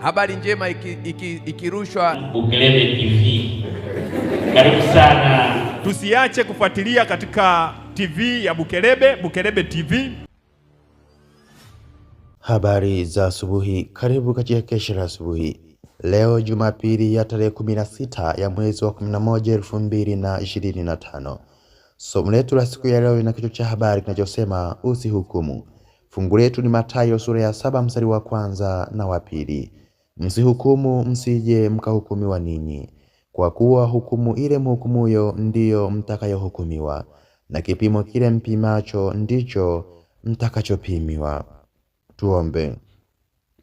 Habari njema ikirushwa iki, iki Bukelebe TV. Karibu sana, tusiache kufuatilia katika TV ya Bukelebe, Bukelebe TV. Habari za asubuhi, karibu katika kesha la asubuhi leo Jumapili ya tarehe 16 ya mwezi wa 11 2025. Somo letu la siku ya leo lina kichwa cha habari kinachosema usihukumu. Fungu letu ni Mathayo sura ya saba mstari wa kwanza na wa pili. Msihukumu msije mkahukumiwa ninyi, kwa kuwa hukumu ile mhukumuyo ndiyo mtakayohukumiwa, na kipimo kile mpimacho ndicho mtakachopimiwa. Tuombe.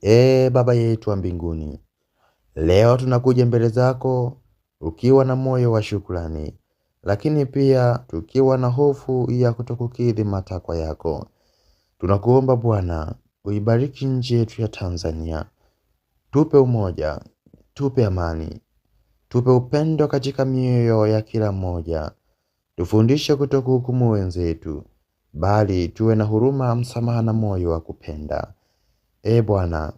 Ee Baba yetu wa mbinguni, leo tunakuja mbele zako ukiwa na moyo wa shukrani, lakini pia tukiwa na hofu ya kutokukidhi matakwa yako. Tunakuomba Bwana, uibariki nchi yetu ya Tanzania Tupe umoja, tupe amani, tupe upendo katika mioyo ya kila mmoja. Tufundishe kutokuhukumu wenzetu, bali tuwe na huruma, msamaha na moyo wa kupenda. E Bwana,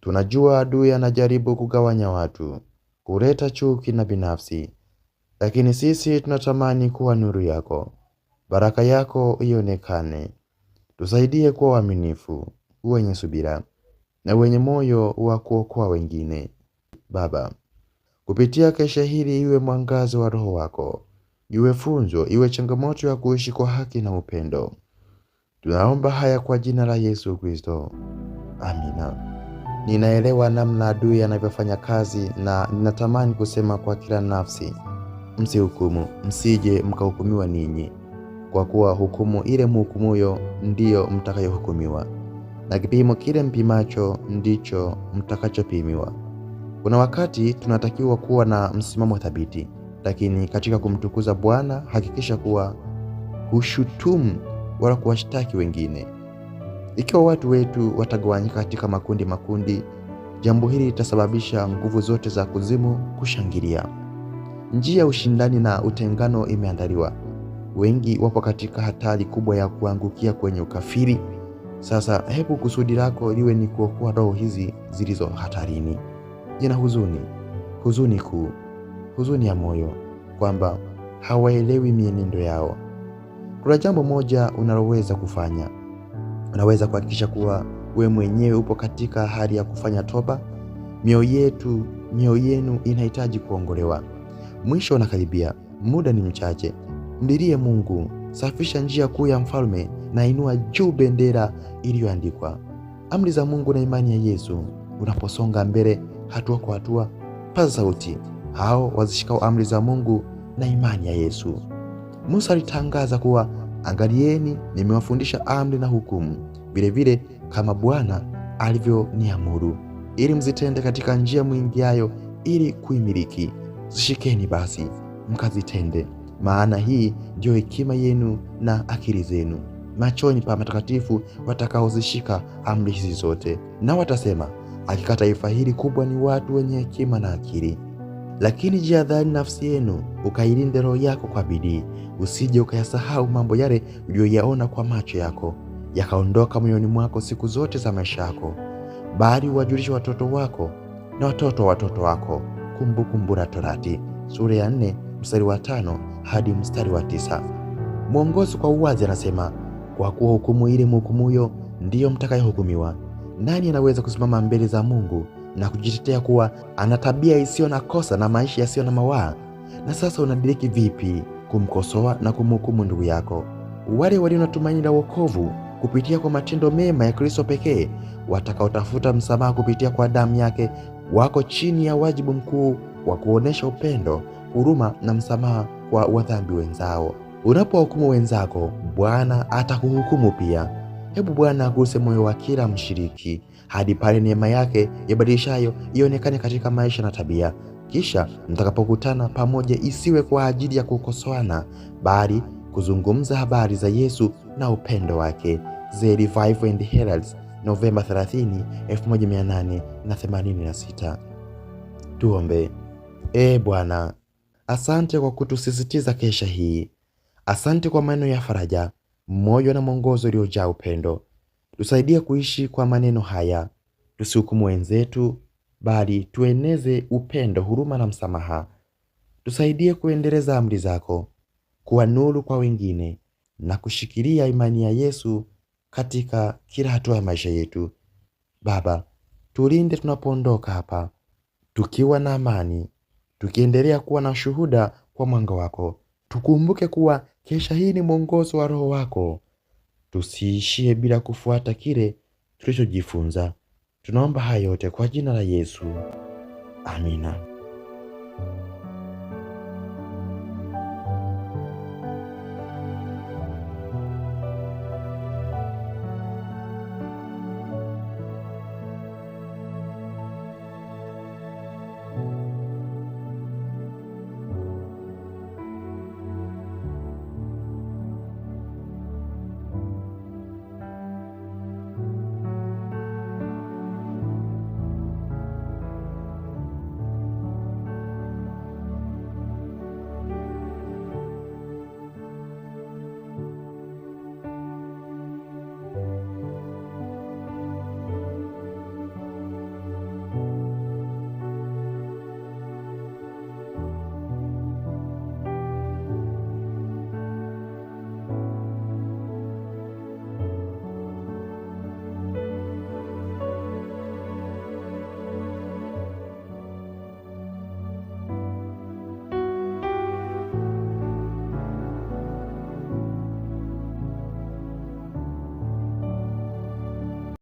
tunajua adui anajaribu kugawanya watu, kuleta chuki na binafsi, lakini sisi tunatamani kuwa nuru yako, baraka yako ionekane. Tusaidie kuwa waaminifu, wenye subira na wenye moyo wa kuokoa wengine. Baba, kupitia kesha hili iwe mwangazo wa Roho wako, iwe funzo, iwe changamoto ya kuishi kwa haki na upendo. Tunaomba haya kwa jina la Yesu Kristo, amina. Ninaelewa namna adui anavyofanya kazi na ninatamani kusema kwa kila nafsi, msihukumu, msije mkahukumiwa ninyi, kwa kuwa hukumu ile mhukumuyo ndiyo mtakayohukumiwa na kipimo kile mpimacho ndicho mtakachopimiwa. Kuna wakati tunatakiwa kuwa na msimamo thabiti, lakini katika kumtukuza Bwana hakikisha kuwa hushutumu wala kuwashtaki wengine. Ikiwa watu wetu watagawanyika katika makundi makundi, jambo hili litasababisha nguvu zote za kuzimu kushangilia. Njia ya ushindani na utengano imeandaliwa. Wengi wapo katika hatari kubwa ya kuangukia kwenye ukafiri sasa hebu kusudi lako liwe ni kuokoa roho hizi zilizo hatarini. Jina huzuni, huzuni kuu, huzuni ya moyo, kwamba hawaelewi mienendo yao. Kuna jambo moja unaloweza kufanya. Unaweza kuhakikisha kuwa we mwenyewe upo katika hali ya kufanya toba. Mioyo yetu, mioyo yenu inahitaji kuongolewa. Mwisho unakaribia, muda ni mchache. Mlilie Mungu, safisha njia kuu ya mfalme nainua juu bendera iliyoandikwa amri za Mungu na imani ya Yesu. Unaposonga mbele hatua kwa hatua, paza sauti, hao wazishikao amri za Mungu na imani ya Yesu. Musa alitangaza kuwa, angalieni, nimewafundisha amri na hukumu vilevile, kama Bwana alivyoniamuru, ili mzitende katika njia mwingiayo ili kuimiliki. Zishikeni basi mkazitende, maana hii ndiyo hekima yenu na akili zenu machoni pa matakatifu watakaozishika amri hizi zote, na watasema, hakika taifa hili kubwa ni watu wenye hekima na akili. Lakini jihadhari nafsi yenu, ukailinde roho yako kwa bidii, usije ukayasahau mambo yale uliyoyaona kwa macho yako yakaondoka moyoni mwako siku zote za maisha yako, bali uwajulishe watoto wako na watoto wa watoto wako Kumbukumbu la Torati sura ya 4 mstari wa 5 hadi mstari wa 9. Mwongozo kwa uwazi anasema kwa kuwa hukumu ile mhukumuyo ndiyo mtakayehukumiwa. Nani anaweza kusimama mbele za Mungu na kujitetea kuwa ana tabia isiyo na kosa na maisha yasiyo na mawaa? Na sasa unadiriki vipi kumkosoa na kumhukumu ndugu yako? Wale walio na tumaini la wokovu kupitia kwa matendo mema ya Kristo pekee, watakaotafuta msamaha kupitia kwa damu yake, wako chini ya wajibu mkuu wa kuonesha upendo, huruma na msamaha kwa wadhambi wenzao. Unapohukumu wenzako, Bwana atakuhukumu pia. Hebu Bwana aguse moyo wa kila mshiriki hadi pale neema yake ibadilishayo ionekane katika maisha na tabia. Kisha mtakapokutana pamoja, isiwe kwa ajili ya kukosoana, bali kuzungumza habari za Yesu na upendo wake. The Revival and Heralds, Novemba 30, 1886. Tuombe. E Bwana, asante kwa kutusisitiza kesha hii Asante kwa maneno ya faraja, moyo na mwongozo uliojaa upendo. Tusaidie kuishi kwa maneno haya, tusihukumu wenzetu, bali tueneze upendo, huruma na msamaha. Tusaidie kuendeleza amri zako, kuwa nuru kwa wengine na kushikilia imani ya Yesu katika kila hatua ya maisha yetu. Baba, tulinde tunapoondoka hapa tukiwa na amani, tukiendelea kuwa na shuhuda kwa mwanga wako. Tukumbuke kuwa Kesha hii ni mwongozo wa roho wako. Tusiishie bila kufuata kile tulichojifunza. Tunaomba haya yote kwa jina la Yesu, amina.